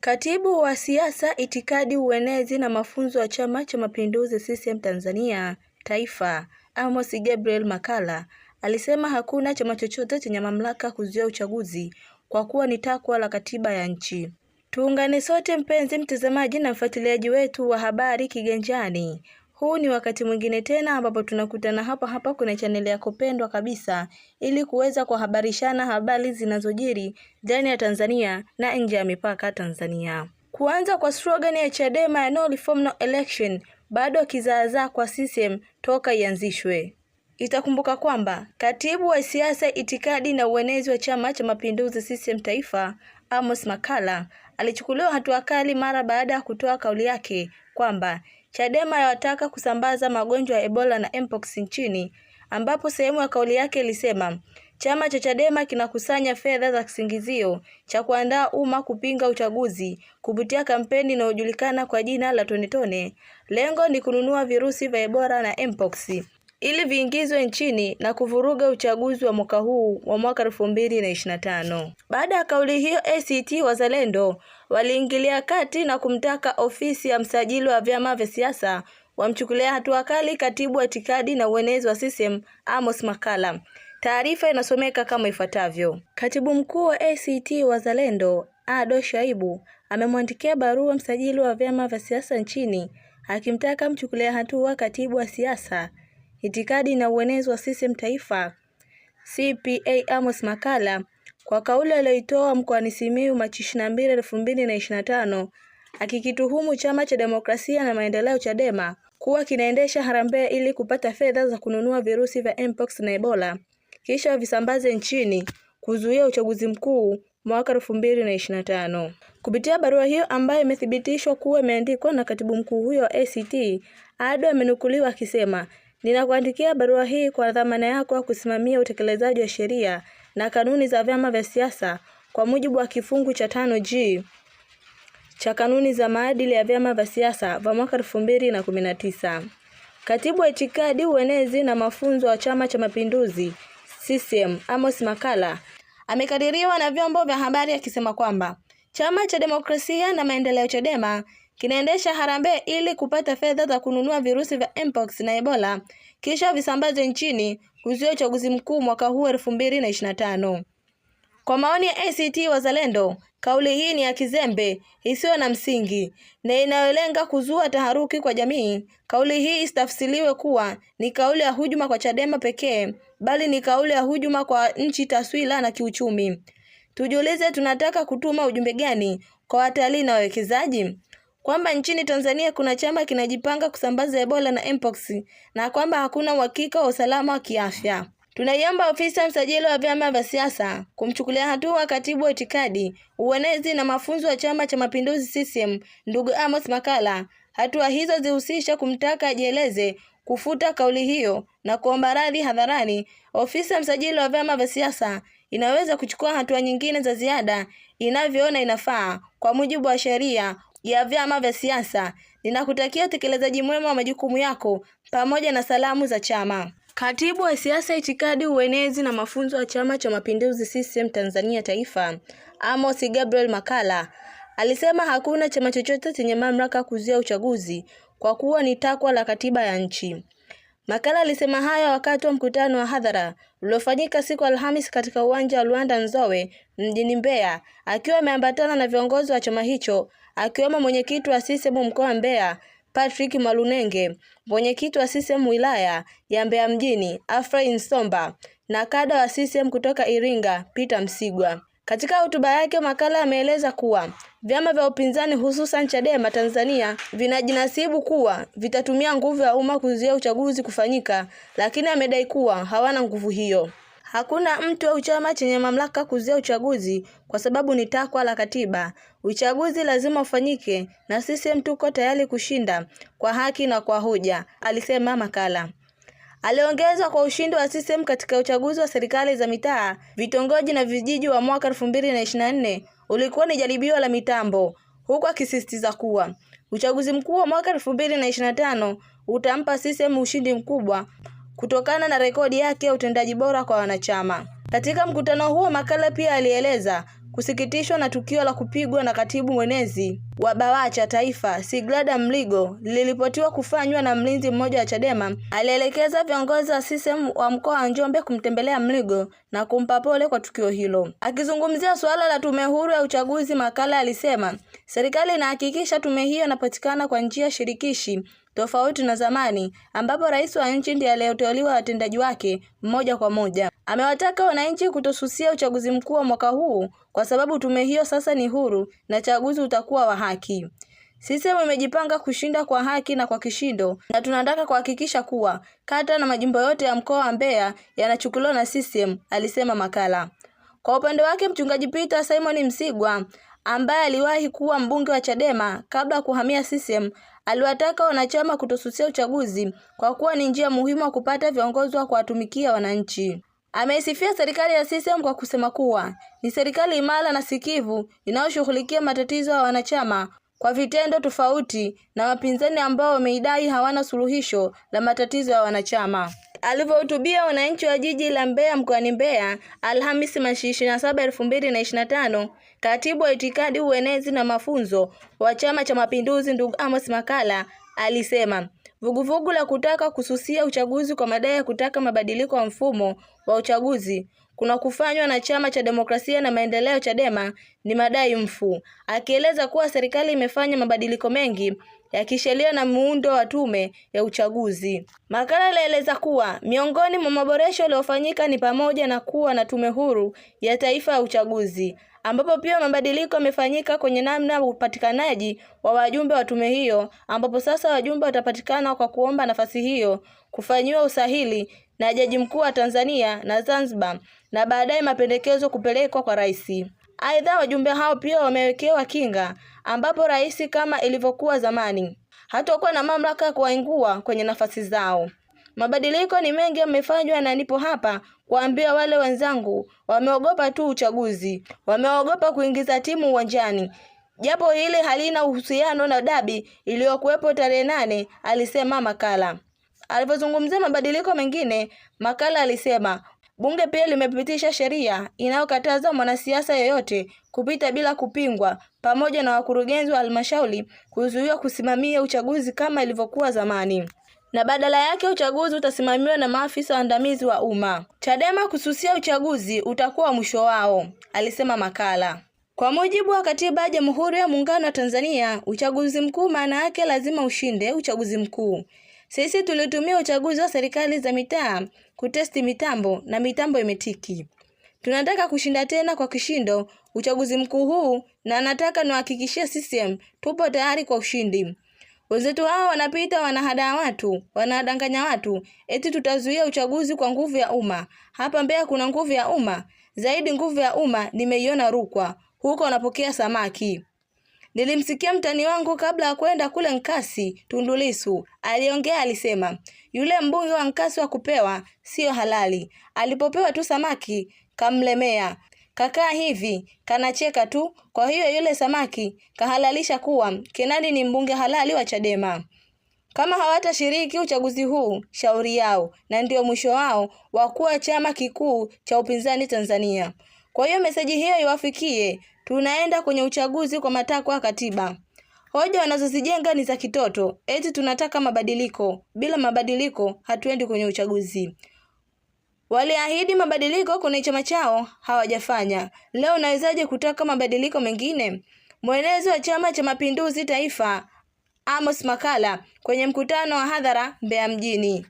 Katibu wa Siasa, Itikadi, Uenezi na Mafunzo wa Chama cha Mapinduzi CCM Tanzania Taifa, Amos Gabriel Makalla alisema hakuna chama chochote chenye mamlaka kuzuia uchaguzi kwa kuwa ni takwa la katiba ya nchi. Tuungane sote mpenzi mtazamaji na mfuatiliaji wetu wa Habari Kiganjani huu ni wakati mwingine tena ambapo tunakutana hapa hapa kuna chaneli yako pendwa kabisa ili kuweza kuhabarishana habari zinazojiri ndani ya Tanzania na nje ya mipaka Tanzania. Kuanza kwa slogan ya Chadema ya no reform no election bado kizaazaa kwa CCM toka ianzishwe. Itakumbuka kwamba katibu wa siasa, itikadi na uenezi wa Chama cha Mapinduzi CCM Taifa, Amos makala alichukuliwa hatua kali mara baada ya kutoa kauli yake kwamba Chadema yawataka kusambaza magonjwa ya Ebola na Mpox nchini ambapo sehemu ya kauli yake ilisema chama cha Chadema kinakusanya fedha za kisingizio cha kuandaa umma kupinga uchaguzi kupitia kampeni inayojulikana kwa jina la Tonetone. Lengo ni kununua virusi vya Ebola na Mpox ili viingizwe nchini na kuvuruga uchaguzi wa mwaka huu wa mwaka 2025. Baada ya kauli hiyo, ACT Wazalendo waliingilia kati na kumtaka ofisi ya msajili wa vyama vya siasa wamchukulia hatua kali katibu wa itikadi na uenezi wa CCM Amos makala Taarifa inasomeka kama ifuatavyo. Katibu mkuu wa ACT Wazalendo Ado Shaibu amemwandikia barua msajili wa vyama vya siasa nchini akimtaka mchukulia hatua katibu wa siasa itikadi na uenezi wa CCM Taifa CPA Amos Makalla kwa kauli aliyoitoa mkoani Simiyu Machi 22, 2025 akikituhumu Chama cha Demokrasia na Maendeleo Chadema kuwa kinaendesha harambee ili kupata fedha za kununua virusi vya mpox na Ebola kisha wavisambaze nchini kuzuia uchaguzi mkuu mwaka 2025. Kupitia barua hiyo ambayo imethibitishwa kuwa imeandikwa na katibu mkuu huyo wa ACT, Ado amenukuliwa akisema Ninakuandikia barua hii kwa dhamana yako ya kusimamia utekelezaji wa sheria na kanuni za vyama vya siasa kwa mujibu wa kifungu cha tano G cha kanuni za maadili ya vyama vya siasa vya mwaka elfu mbili na kumi na tisa. Katibu wa itikadi, uenezi na mafunzo wa Chama cha Mapinduzi CCM Amos makala amekadiriwa na vyombo vya habari akisema kwamba Chama cha Demokrasia na Maendeleo Chadema kinaendesha harambee ili kupata fedha za kununua virusi vya mpox na Ebola kisha visambaze nchini kuzuia uchaguzi mkuu mwaka huu tano. Kwa maoni ya ACT Wazalendo, kauli hii ni ya kizembe isiyo na msingi na inayolenga kuzua taharuki kwa jamii. Kauli hii isitafsiriwe kuwa ni kauli ya hujuma kwa Chadema pekee, bali ni kauli ya hujuma kwa nchi, taswira na kiuchumi. Tujiulize, tunataka kutuma ujumbe gani kwa watalii na wawekezaji? kwamba nchini Tanzania kuna chama kinajipanga kusambaza Ebola na Mpox na kwamba hakuna uhakika wa usalama wa kiafya. Tunaiomba ofisi ya msajili wa vyama vya siasa kumchukulia hatua katibu wa itikadi, uenezi na mafunzo wa Chama cha Mapinduzi CCM ndugu Amos makala Hatua hizo zihusisha kumtaka ajieleze, kufuta kauli hiyo na kuomba radhi hadharani. Ofisi ya msajili wa vyama vya siasa inaweza kuchukua hatua nyingine za ziada inavyoona inafaa kwa mujibu wa sheria ya vyama vya siasa. Ninakutakia utekelezaji mwema wa majukumu yako pamoja na salamu za chama. Katibu wa siasa, itikadi, uenezi na mafunzo wa Chama cha Mapinduzi CCM Tanzania Taifa, Amos Gabriel makala alisema hakuna chama chochote chenye mamlaka kuzuia uchaguzi kwa kuwa ni takwa la katiba ya nchi. Makala alisema hayo wakati wa mkutano wa hadhara uliofanyika siku Alhamis katika uwanja wa Luanda Nzowe mjini Mbeya, akiwa ameambatana na viongozi wa chama hicho akiwemo mwenyekiti wa CCM e mkoa wa Mbeya Patrick Malunenge, mwenyekiti wa CCM e wilaya ya Mbeya mjini Afrain Somba na kada wa CCM e kutoka Iringa Peter Msigwa. Katika hotuba yake Makalla ameeleza kuwa vyama vya upinzani hususan Chadema Tanzania vinajinasibu kuwa vitatumia nguvu ya umma kuzuia uchaguzi kufanyika, lakini amedai kuwa hawana nguvu hiyo. Hakuna mtu au chama chenye mamlaka kuzuia uchaguzi kwa sababu ni takwa la katiba. Uchaguzi lazima ufanyike na sisi tuko tayari kushinda kwa haki na kwa hoja, alisema Makalla aliongezwa kwa ushindi wa CCM katika uchaguzi wa serikali za mitaa, vitongoji na vijiji wa mwaka 2024 ulikuwa ni jaribio la mitambo, huku akisisitiza kuwa uchaguzi mkuu wa mwaka 2025 utampa CCM ushindi mkubwa kutokana na rekodi yake ya utendaji bora kwa wanachama. Katika mkutano huo, Makalla pia alieleza kusikitishwa na tukio la kupigwa na katibu mwenezi wa BAWACHA Taifa Sigrada Mligo liliripotiwa kufanywa na mlinzi mmoja wa Chadema alielekeza viongozi wa CCM wa mkoa wa Njombe kumtembelea Mligo na kumpa pole kwa tukio hilo. Akizungumzia suala la tume huru ya uchaguzi, Makalla alisema serikali inahakikisha tume hiyo inapatikana kwa njia shirikishi tofauti na zamani ambapo rais wa nchi ndiye aliyeteuliwa watendaji wake moja kwa moja. Amewataka wananchi kutosusia uchaguzi mkuu wa mwaka huu kwa sababu tume hiyo sasa ni huru na chaguzi utakuwa wa haki haki. Sisi wamejipanga kushinda kwa haki na kwa kishindo, na tunataka kuhakikisha kuwa kata na majimbo yote ya mkoa wa Mbeya yanachukuliwa na CCM, alisema Makala. Kwa upande wake mchungaji Peter Simon Msigwa ambaye aliwahi kuwa mbunge wa Chadema kabla ya kuhamia CCM aliwataka wanachama kutosusia uchaguzi kwa kuwa ni njia muhimu ya kupata viongozi wa kuwatumikia wananchi. Ameisifia serikali ya CCM kwa kusema kuwa ni serikali imara na sikivu inayoshughulikia matatizo ya wanachama kwa vitendo tofauti na wapinzani ambao wameidai hawana suluhisho la matatizo ya wanachama. Alivyohutubia wananchi wa jiji la Mbeya mkoani Mbeya Alhamisi Machi 27, 2025, katibu wa itikadi, uenezi na mafunzo wa Chama cha Mapinduzi ndugu Amos Makalla alisema Vuguvugu la kutaka kususia uchaguzi kwa madai ya kutaka mabadiliko ya mfumo wa uchaguzi kuna kufanywa na Chama cha Demokrasia na Maendeleo Chadema ni madai mfu, akieleza kuwa serikali imefanya mabadiliko mengi ya kisheria na muundo wa tume ya uchaguzi. Makala alaeleza kuwa miongoni mwa maboresho yaliyofanyika ni pamoja na kuwa na tume huru ya taifa ya uchaguzi ambapo pia mabadiliko yamefanyika kwenye namna ya upatikanaji wa wajumbe wa tume hiyo, ambapo sasa wajumbe watapatikana kwa kuomba nafasi hiyo kufanyiwa usahili na Jaji Mkuu wa Tanzania na Zanzibar na baadaye mapendekezo kupelekwa kwa rais. Aidha, wajumbe hao pia wamewekewa kinga, ambapo rais kama ilivyokuwa zamani hatakuwa na mamlaka ya kuwaingua kwenye nafasi zao. Mabadiliko ni mengi yamefanywa na nipo hapa kuambia wale wenzangu, wameogopa tu uchaguzi, wameogopa kuingiza timu uwanjani japo hili halina uhusiano na dabi iliyokuwepo tarehe nane, alisema Makala. Alipozungumzia mabadiliko mengine, Makala alisema bunge pia limepitisha sheria inayokataza mwanasiasa yeyote kupita bila kupingwa, pamoja na wakurugenzi wa halmashauri kuzuiwa kusimamia uchaguzi kama ilivyokuwa zamani na badala yake uchaguzi utasimamiwa na maafisa waandamizi wa umma. Chadema kususia uchaguzi utakuwa mwisho wao, alisema makala Kwa mujibu wa katiba ya Jamhuri ya Muungano wa Tanzania, uchaguzi mkuu maana yake lazima ushinde uchaguzi mkuu. Sisi tulitumia uchaguzi wa serikali za mitaa kutesti mitambo na mitambo imetiki. Tunataka kushinda tena kwa kishindo uchaguzi mkuu huu, na nataka niwahakikishie CCM tupo tayari kwa ushindi. Wenzetu hao wanapita, wanahadaa watu, wanadanganya watu, eti tutazuia uchaguzi kwa nguvu ya umma. Hapa Mbeya kuna nguvu ya umma zaidi. Nguvu ya umma nimeiona Rukwa, huko wanapokea samaki. Nilimsikia mtani wangu kabla ya kwenda kule Nkasi, tundulisu aliongea, alisema yule mbunge wa Nkasi wa kupewa siyo halali, alipopewa tu samaki kamlemea, Kakaa hivi kanacheka tu. Kwa hiyo yule samaki kahalalisha kuwa Kenadi ni mbunge halali wa Chadema kama hawatashiriki uchaguzi huu, shauri yao na ndio mwisho wao wa kuwa chama kikuu cha upinzani Tanzania. Kwa hiyo meseji hiyo iwafikie, tunaenda kwenye uchaguzi kwa matakwa ya katiba. Hoja wanazozijenga ni za kitoto, eti tunataka mabadiliko, bila mabadiliko hatuendi kwenye uchaguzi. Waliahidi mabadiliko kwenye chama chao, hawajafanya. Leo unawezaje kutaka mabadiliko mengine? Mwenezi wa Chama cha Mapinduzi Taifa Amos Makalla kwenye mkutano wa hadhara Mbeya mjini.